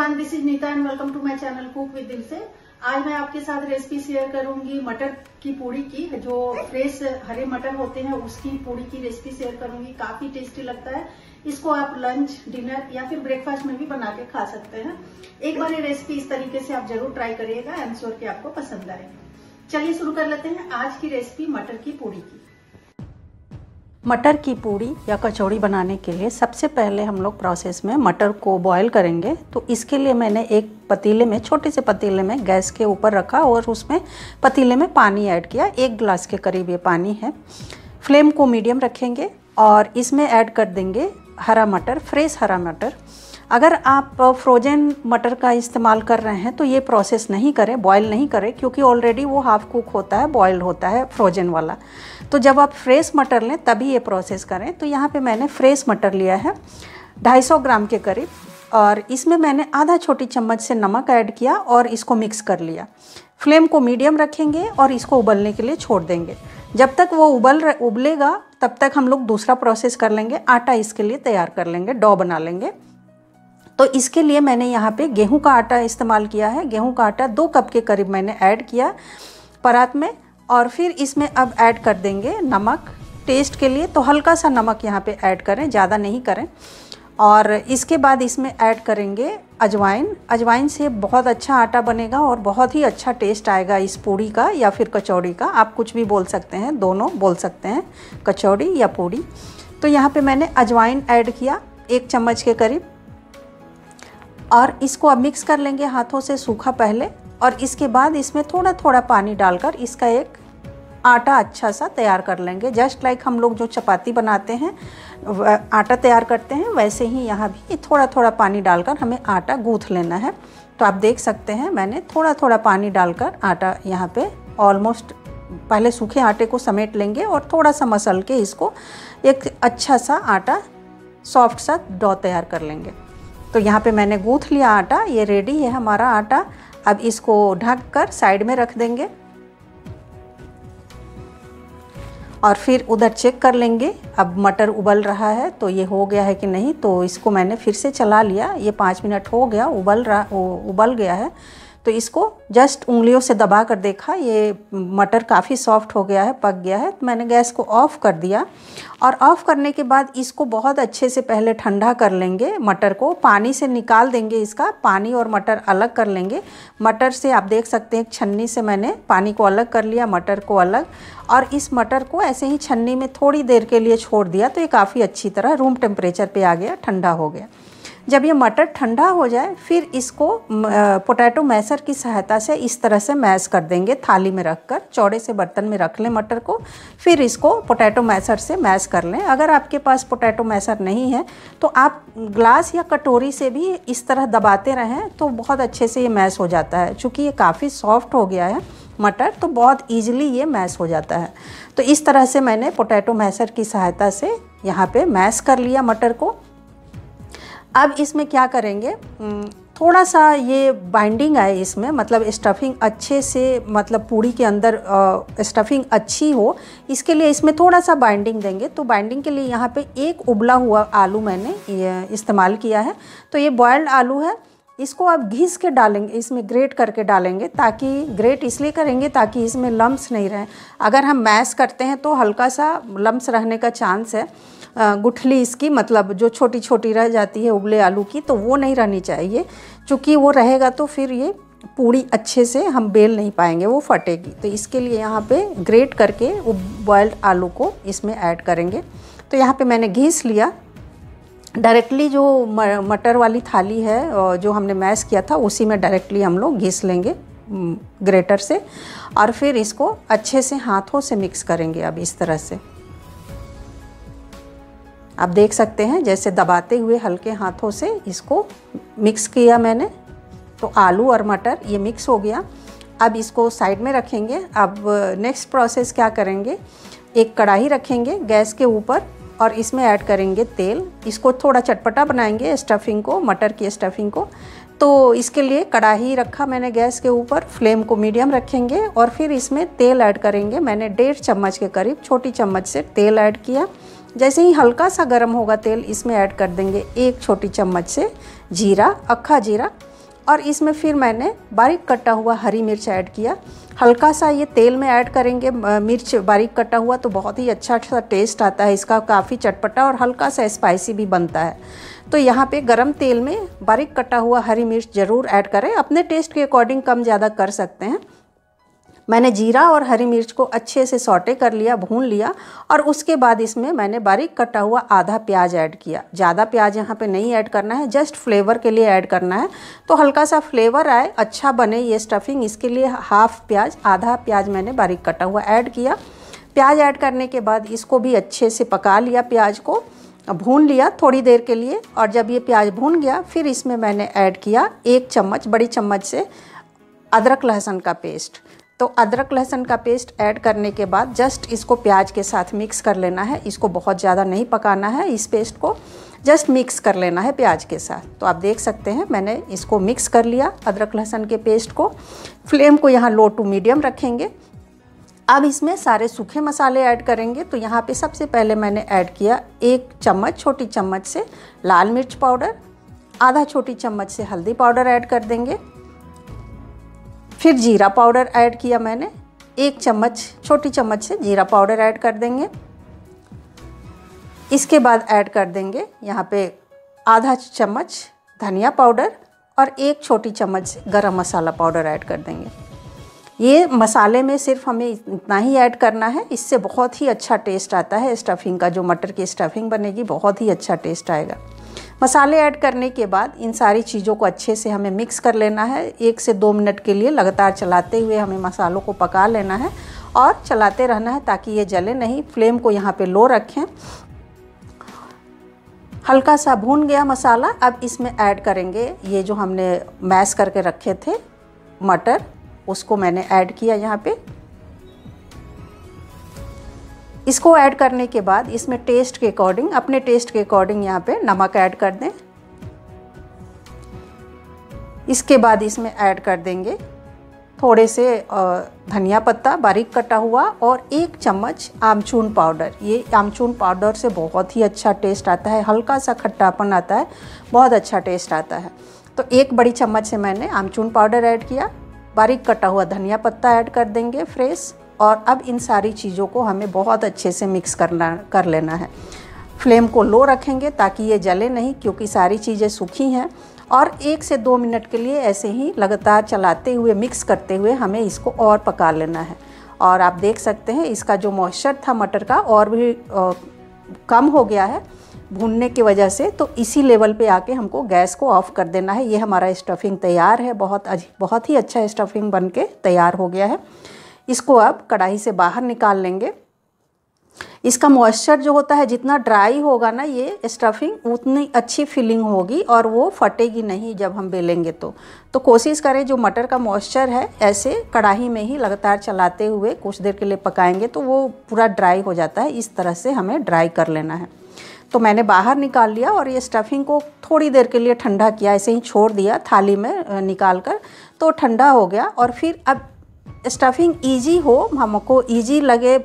everyone this is Neeta and welcome to my channel cook with Dil Se आज मैं आपके साथ रेसिपी शेयर करूंगी मटर की पूड़ी की जो फ्रेश हरे मटर होते हैं उसकी पूड़ी की रेसिपी शेयर करूंगी काफी टेस्टी लगता है इसको आप लंच डिनर या फिर ब्रेकफास्ट में भी बना के खा सकते हैं एक बार ये रेसिपी इस तरीके से आप जरूर ट्राई करिएगा एंड श्योर की आपको पसंद आएगा चलिए शुरू कर लेते हैं आज की रेसिपी मटर की पूड़ी की मटर की पूड़ी या कचौड़ी बनाने के लिए सबसे पहले हम लोग प्रोसेस में मटर को बॉईल करेंगे तो इसके लिए मैंने एक पतीले में छोटे से पतीले में गैस के ऊपर रखा और उसमें पतीले में पानी ऐड किया एक गिलास के करीब ये पानी है फ्लेम को मीडियम रखेंगे और इसमें ऐड कर देंगे हरा मटर फ्रेश हरा मटर अगर आप फ्रोजन मटर का इस्तेमाल कर रहे हैं तो ये प्रोसेस नहीं करें बॉयल नहीं करें क्योंकि ऑलरेडी वो हाफ कुक होता है बॉयल होता है फ्रोजन वाला तो जब आप फ्रेश मटर लें तभी ये प्रोसेस करें तो यहाँ पे मैंने फ्रेश मटर लिया है 250 ग्राम के करीब और इसमें मैंने आधा छोटी चम्मच से नमक ऐड किया और इसको मिक्स कर लिया फ्लेम को मीडियम रखेंगे और इसको उबलने के लिए छोड़ देंगे जब तक वो उबल उबलेगा तब तक हम लोग दूसरा प्रोसेस कर लेंगे आटा इसके लिए तैयार कर लेंगे डॉ बना लेंगे तो इसके लिए मैंने यहाँ पे गेहूं का आटा इस्तेमाल किया है गेहूं का आटा दो कप के करीब मैंने ऐड किया परात में और फिर इसमें अब ऐड कर देंगे नमक टेस्ट के लिए तो हल्का सा नमक यहाँ पे ऐड करें ज़्यादा नहीं करें और इसके बाद इसमें ऐड करेंगे अजवाइन अजवाइन से बहुत अच्छा आटा बनेगा और बहुत ही अच्छा टेस्ट आएगा इस पूड़ी का या फिर कचौड़ी का आप कुछ भी बोल सकते हैं दोनों बोल सकते हैं कचौड़ी या पूड़ी तो यहाँ पे मैंने अजवाइन ऐड किया एक चम्मच के करीब और इसको अब मिक्स कर लेंगे हाथों से सूखा पहले और इसके बाद इसमें थोड़ा थोड़ा पानी डालकर इसका एक आटा अच्छा सा तैयार कर लेंगे जस्ट लाइक हम लोग जो चपाती बनाते हैं आटा तैयार करते हैं वैसे ही यहाँ भी थोड़ा थोड़ा पानी डालकर हमें आटा गूँथ लेना है तो आप देख सकते हैं मैंने थोड़ा थोड़ा पानी डालकर आटा यहाँ पे ऑलमोस्ट पहले सूखे आटे को समेट लेंगे और थोड़ा सा मसल के इसको एक अच्छा सा आटा सॉफ्ट सा डॉ तैयार कर लेंगे तो यहाँ पे मैंने गूँथ लिया आटा ये रेडी है हमारा आटा अब इसको ढक कर साइड में रख देंगे और फिर उधर चेक कर लेंगे अब मटर उबल रहा है तो ये हो गया है कि नहीं तो इसको मैंने फिर से चला लिया ये पाँच मिनट हो गया उबल रहा उबल गया है तो इसको जस्ट उंगलियों से दबा कर देखा ये मटर काफ़ी सॉफ्ट हो गया है पक गया है तो मैंने गैस को ऑफ़ कर दिया और ऑफ़ करने के बाद इसको बहुत अच्छे से पहले ठंडा कर लेंगे मटर को पानी से निकाल देंगे इसका पानी और मटर अलग कर लेंगे मटर से आप देख सकते हैं छन्नी से मैंने पानी को अलग कर लिया मटर को अलग और इस मटर को ऐसे ही छन्नी में थोड़ी देर के लिए छोड़ दिया तो ये काफ़ी अच्छी तरह रूम टेम्परेचर पर आ गया ठंडा हो गया जब ये मटर ठंडा हो जाए फिर इसको पोटैटो मैसर की सहायता से इस तरह से मैश कर देंगे थाली में रख कर चौड़े से बर्तन में रख लें मटर को फिर इसको पोटैटो मैसर से मैश कर लें अगर आपके पास पोटैटो मैसर नहीं है तो आप ग्लास या कटोरी से भी इस तरह दबाते रहें तो बहुत अच्छे से ये मैश हो जाता है चूँकि ये काफ़ी सॉफ्ट हो गया है मटर तो बहुत ईजिली ये मैश हो जाता है तो इस तरह से मैंने पोटैटो मैसर की सहायता से यहाँ पे मैश कर लिया मटर को अब इसमें क्या करेंगे हम्म, थोड़ा सा ये बाइंडिंग आए इसमें मतलब स्टफिंग अच्छे से मतलब पूड़ी के अंदर स्टफिंग अच्छी हो इसके लिए इसमें थोड़ा सा बाइंडिंग देंगे तो बाइंडिंग के लिए यहाँ पे एक उबला हुआ आलू मैंने इस्तेमाल किया है तो ये बॉयल्ड आलू है इसको आप घिस के डालेंगे इसमें ग्रेट करके डालेंगे ताकि ग्रेट इसलिए करेंगे ताकि इसमें लम्ब्स नहीं रहें अगर हम मैश करते हैं तो हल्का सा लम्ब्स रहने का चांस है गुठली इसकी मतलब जो छोटी छोटी रह जाती है उबले आलू की तो वो नहीं रहनी चाहिए चूँकि वो रहेगा तो फिर ये पूड़ी अच्छे से हम बेल नहीं पाएंगे वो फटेगी तो इसके लिए यहाँ पे ग्रेट करके वो बॉयल्ड आलू को इसमें ऐड करेंगे तो यहाँ पे मैंने घीस लिया डायरेक्टली जो मटर वाली थाली है जो हमने मैश किया था उसी में डायरेक्टली हम लोग घीस लेंगे ग्रेटर से और फिर इसको अच्छे से हाथों से मिक्स करेंगे अब इस तरह से आप देख सकते हैं जैसे दबाते हुए हल्के हाथों से इसको मिक्स किया मैंने तो आलू और मटर ये मिक्स हो गया अब इसको साइड में रखेंगे अब नेक्स्ट प्रोसेस क्या करेंगे एक कढ़ाई रखेंगे गैस के ऊपर और इसमें ऐड करेंगे तेल इसको थोड़ा चटपटा बनाएंगे स्टफिंग को मटर की स्टफिंग को तो इसके लिए कढ़ाई रखा मैंने गैस के ऊपर फ्लेम को मीडियम रखेंगे और फिर इसमें तेल ऐड करेंगे मैंने डेढ़ चम्मच के करीब छोटी चम्मच से तेल ऐड किया जैसे ही हल्का सा गर्म होगा तेल इसमें ऐड कर देंगे एक छोटी चम्मच से जीरा अक्खा जीरा और इसमें फिर मैंने बारीक कटा हुआ हरी मिर्च ऐड किया हल्का सा ये तेल में ऐड करेंगे मिर्च बारीक कटा हुआ तो बहुत ही अच्छा सा टेस्ट आता है इसका काफ़ी चटपटा और हल्का सा स्पाइसी भी बनता है तो यहाँ पे गरम तेल में बारीक कटा हुआ हरी मिर्च ज़रूर ऐड करें अपने टेस्ट के अकॉर्डिंग कम ज़्यादा कर सकते हैं मैंने जीरा और हरी मिर्च को अच्छे से सौटे कर लिया भून लिया और उसके बाद इसमें मैंने बारीक कटा हुआ आधा प्याज ऐड किया ज़्यादा प्याज यहाँ पे नहीं ऐड करना है जस्ट फ्लेवर के लिए ऐड करना है तो हल्का सा फ्लेवर आए अच्छा बने ये स्टफिंग इसके लिए हाफ प्याज आधा प्याज मैंने बारीक कटा हुआ ऐड किया प्याज ऐड करने के बाद इसको भी अच्छे से पका लिया प्याज को भून लिया थोड़ी देर के लिए और जब ये प्याज भून गया फिर इसमें मैंने ऐड किया एक चम्मच बड़ी चम्मच से अदरक लहसुन का पेस्ट तो अदरक लहसुन का पेस्ट ऐड करने के बाद जस्ट इसको प्याज के साथ मिक्स कर लेना है इसको बहुत ज़्यादा नहीं पकाना है इस पेस्ट को जस्ट मिक्स कर लेना है प्याज के साथ तो आप देख सकते हैं मैंने इसको मिक्स कर लिया अदरक लहसुन के पेस्ट को फ्लेम को यहाँ लो टू मीडियम रखेंगे अब इसमें सारे सूखे मसाले ऐड करेंगे तो यहाँ पे सबसे पहले मैंने ऐड किया एक चम्मच छोटी चम्मच से लाल मिर्च पाउडर आधा छोटी चम्मच से हल्दी पाउडर ऐड कर देंगे फिर जीरा पाउडर ऐड किया मैंने एक चम्मच छोटी चम्मच से जीरा पाउडर ऐड कर देंगे इसके बाद ऐड कर देंगे यहाँ पे आधा चम्मच धनिया पाउडर और एक छोटी चम्मच से गरम मसाला पाउडर ऐड कर देंगे ये मसाले में सिर्फ हमें इतना ही ऐड करना है इससे बहुत ही अच्छा टेस्ट आता है स्टफिंग का जो मटर की स्टफिंग बनेगी बहुत ही अच्छा टेस्ट आएगा मसाले ऐड करने के बाद इन सारी चीज़ों को अच्छे से हमें मिक्स कर लेना है एक से दो मिनट के लिए लगातार चलाते हुए हमें मसालों को पका लेना है और चलाते रहना है ताकि ये जले नहीं फ्लेम को यहाँ पे लो रखें हल्का सा भून गया मसाला अब इसमें ऐड करेंगे ये जो हमने मैश करके रखे थे मटर उसको मैंने ऐड किया यहाँ पर इसको ऐड करने के बाद इसमें टेस्ट के अकॉर्डिंग अपने टेस्ट के अकॉर्डिंग यहाँ पे नमक ऐड कर दें इसके बाद इसमें ऐड कर देंगे थोड़े से धनिया पत्ता बारीक कटा हुआ और एक चम्मच आमचून पाउडर ये आमचून पाउडर से बहुत ही अच्छा टेस्ट आता है हल्का सा खट्टापन आता है बहुत अच्छा टेस्ट आता है तो एक बड़ी चम्मच से मैंने आमचून पाउडर ऐड किया बारीक कटा हुआ धनिया पत्ता ऐड कर देंगे फ्रेश और अब इन सारी चीज़ों को हमें बहुत अच्छे से मिक्स करना कर लेना है फ्लेम को लो रखेंगे ताकि ये जले नहीं क्योंकि सारी चीज़ें सूखी हैं और एक से दो मिनट के लिए ऐसे ही लगातार चलाते हुए मिक्स करते हुए हमें इसको और पका लेना है और आप देख सकते हैं इसका जो मॉइस्चर था मटर का और भी आ, कम हो गया है भूनने की वजह से तो इसी लेवल पे आके हमको गैस को ऑफ़ कर देना है ये हमारा स्टफिंग तैयार है बहुत बहुत ही अच्छा स्टफिंग बन के तैयार हो गया है इसको अब कढ़ाई से बाहर निकाल लेंगे इसका मॉइस्चर जो होता है जितना ड्राई होगा ना ये स्टफिंग उतनी अच्छी फीलिंग होगी और वो फटेगी नहीं जब हम बेलेंगे तो तो कोशिश करें जो मटर का मॉइस्चर है ऐसे कढ़ाई में ही लगातार चलाते हुए कुछ देर के लिए पकाएंगे तो वो पूरा ड्राई हो जाता है इस तरह से हमें ड्राई कर लेना है तो मैंने बाहर निकाल लिया और ये स्टफिंग को थोड़ी देर के लिए ठंडा किया ऐसे ही छोड़ दिया थाली में निकाल कर तो ठंडा हो गया और फिर अब स्टफिंग इजी हो हमको इजी लगे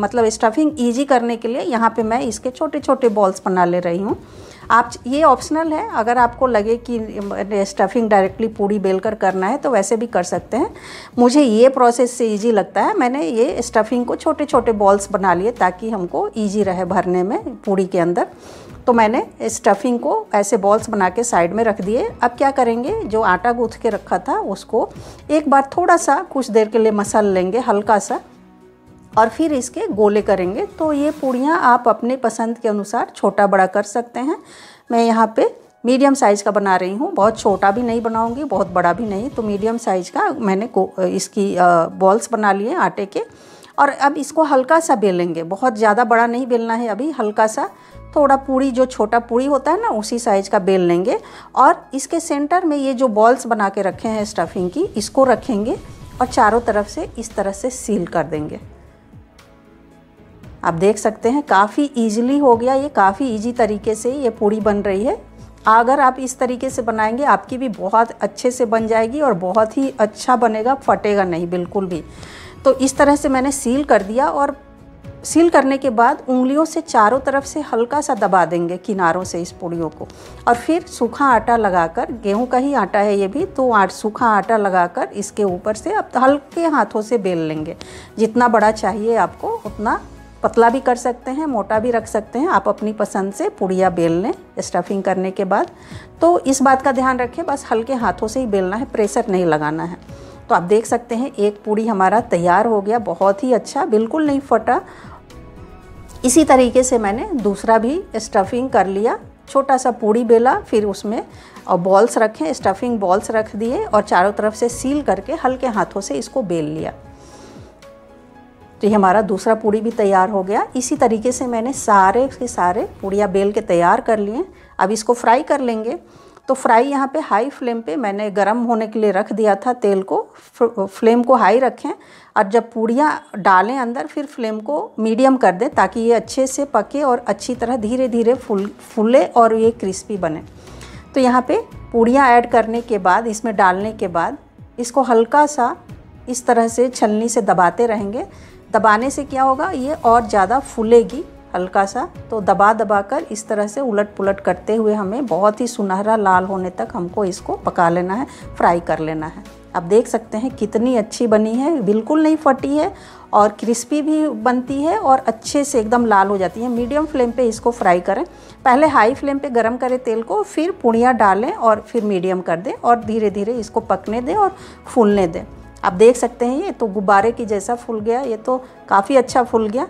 मतलब स्टफिंग इजी करने के लिए यहाँ पे मैं इसके छोटे छोटे बॉल्स बना ले रही हूँ आप ये ऑप्शनल है अगर आपको लगे कि स्टफिंग डायरेक्टली पूरी बेल कर करना है तो वैसे भी कर सकते हैं मुझे ये प्रोसेस से इजी लगता है मैंने ये स्टफिंग को छोटे छोटे बॉल्स बना लिए ताकि हमको ईजी रहे भरने में पूरी के अंदर तो मैंने स्टफिंग को ऐसे बॉल्स बना के साइड में रख दिए अब क्या करेंगे जो आटा गूँथ के रखा था उसको एक बार थोड़ा सा कुछ देर के लिए मसल लेंगे हल्का सा और फिर इसके गोले करेंगे तो ये पूड़ियाँ आप अपने पसंद के अनुसार छोटा बड़ा कर सकते हैं मैं यहाँ पे मीडियम साइज़ का बना रही हूँ बहुत छोटा भी नहीं बनाऊँगी बहुत बड़ा भी नहीं तो मीडियम साइज़ का मैंने इसकी बॉल्स बना लिए आटे के और अब इसको हल्का सा बेलेंगे बहुत ज़्यादा बड़ा नहीं बेलना है अभी हल्का सा थोड़ा पूरी जो छोटा पूरी होता है ना उसी साइज़ का बेल लेंगे और इसके सेंटर में ये जो बॉल्स बना के रखे हैं स्टफिंग की इसको रखेंगे और चारों तरफ से इस तरह से सील कर देंगे आप देख सकते हैं काफ़ी ईजिली हो गया ये काफ़ी ईजी तरीके से ये पूरी बन रही है अगर आप इस तरीके से बनाएंगे आपकी भी बहुत अच्छे से बन जाएगी और बहुत ही अच्छा बनेगा फटेगा नहीं बिल्कुल भी तो इस तरह से मैंने सील कर दिया और सील करने के बाद उंगलियों से चारों तरफ से हल्का सा दबा देंगे किनारों से इस पूड़ियों को और फिर सूखा आटा लगाकर गेहूं का ही आटा है ये भी तो आट सूखा आटा लगाकर इसके ऊपर से आप हल्के हाथों से बेल लेंगे जितना बड़ा चाहिए आपको उतना पतला भी कर सकते हैं मोटा भी रख सकते हैं आप अपनी पसंद से पुड़िया बेल लें स्टफिंग करने के बाद तो इस बात का ध्यान रखें बस हल्के हाथों से ही बेलना है प्रेशर नहीं लगाना है तो आप देख सकते हैं एक पूड़ी हमारा तैयार हो गया बहुत ही अच्छा बिल्कुल नहीं फटा इसी तरीके से मैंने दूसरा भी स्टफिंग कर लिया छोटा सा पूड़ी बेला फिर उसमें और बॉल्स रखें स्टफिंग बॉल्स रख दिए और चारों तरफ से सील करके हल्के हाथों से इसको बेल लिया तो ये हमारा दूसरा पूड़ी भी तैयार हो गया इसी तरीके से मैंने सारे के सारे पूड़ियाँ बेल के तैयार कर लिए अब इसको फ्राई कर लेंगे तो फ्राई यहाँ पे हाई फ्लेम पे मैंने गरम होने के लिए रख दिया था तेल को फ्लेम को हाई रखें और जब पूड़ियाँ डालें अंदर फिर फ्लेम को मीडियम कर दें ताकि ये अच्छे से पके और अच्छी तरह धीरे धीरे फूल फूले और ये क्रिस्पी बने तो यहाँ पे पूड़ियाँ ऐड करने के बाद इसमें डालने के बाद इसको हल्का सा इस तरह से छलनी से दबाते रहेंगे दबाने से क्या होगा ये और ज़्यादा फूलेगी हल्का सा तो दबा दबा कर इस तरह से उलट पुलट करते हुए हमें बहुत ही सुनहरा लाल होने तक हमको इसको पका लेना है फ्राई कर लेना है अब देख सकते हैं कितनी अच्छी बनी है बिल्कुल नहीं फटी है और क्रिस्पी भी बनती है और अच्छे से एकदम लाल हो जाती है मीडियम फ्लेम पे इसको फ्राई करें पहले हाई फ्लेम पे गरम करें तेल को फिर पुड़िया डालें और फिर मीडियम कर दें और धीरे धीरे इसको पकने दें और फूलने दें आप देख सकते हैं ये तो गुब्बारे की जैसा फूल गया ये तो काफ़ी अच्छा फूल गया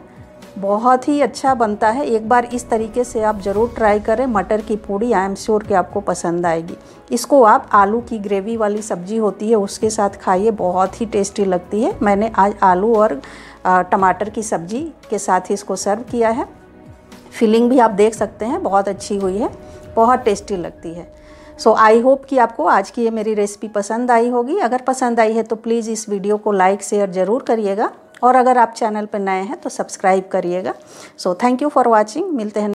बहुत ही अच्छा बनता है एक बार इस तरीके से आप ज़रूर ट्राई करें मटर की पूड़ी आई एम श्योर कि आपको पसंद आएगी इसको आप आलू की ग्रेवी वाली सब्जी होती है उसके साथ खाइए बहुत ही टेस्टी लगती है मैंने आज आलू और टमाटर की सब्जी के साथ ही इसको सर्व किया है फीलिंग भी आप देख सकते हैं बहुत अच्छी हुई है बहुत टेस्टी लगती है सो आई होप कि आपको आज की ये मेरी रेसिपी पसंद आई होगी अगर पसंद आई है तो प्लीज़ इस वीडियो को लाइक शेयर ज़रूर करिएगा और अगर आप चैनल पर नए हैं तो सब्सक्राइब करिएगा so thank you for watching मिलते हैं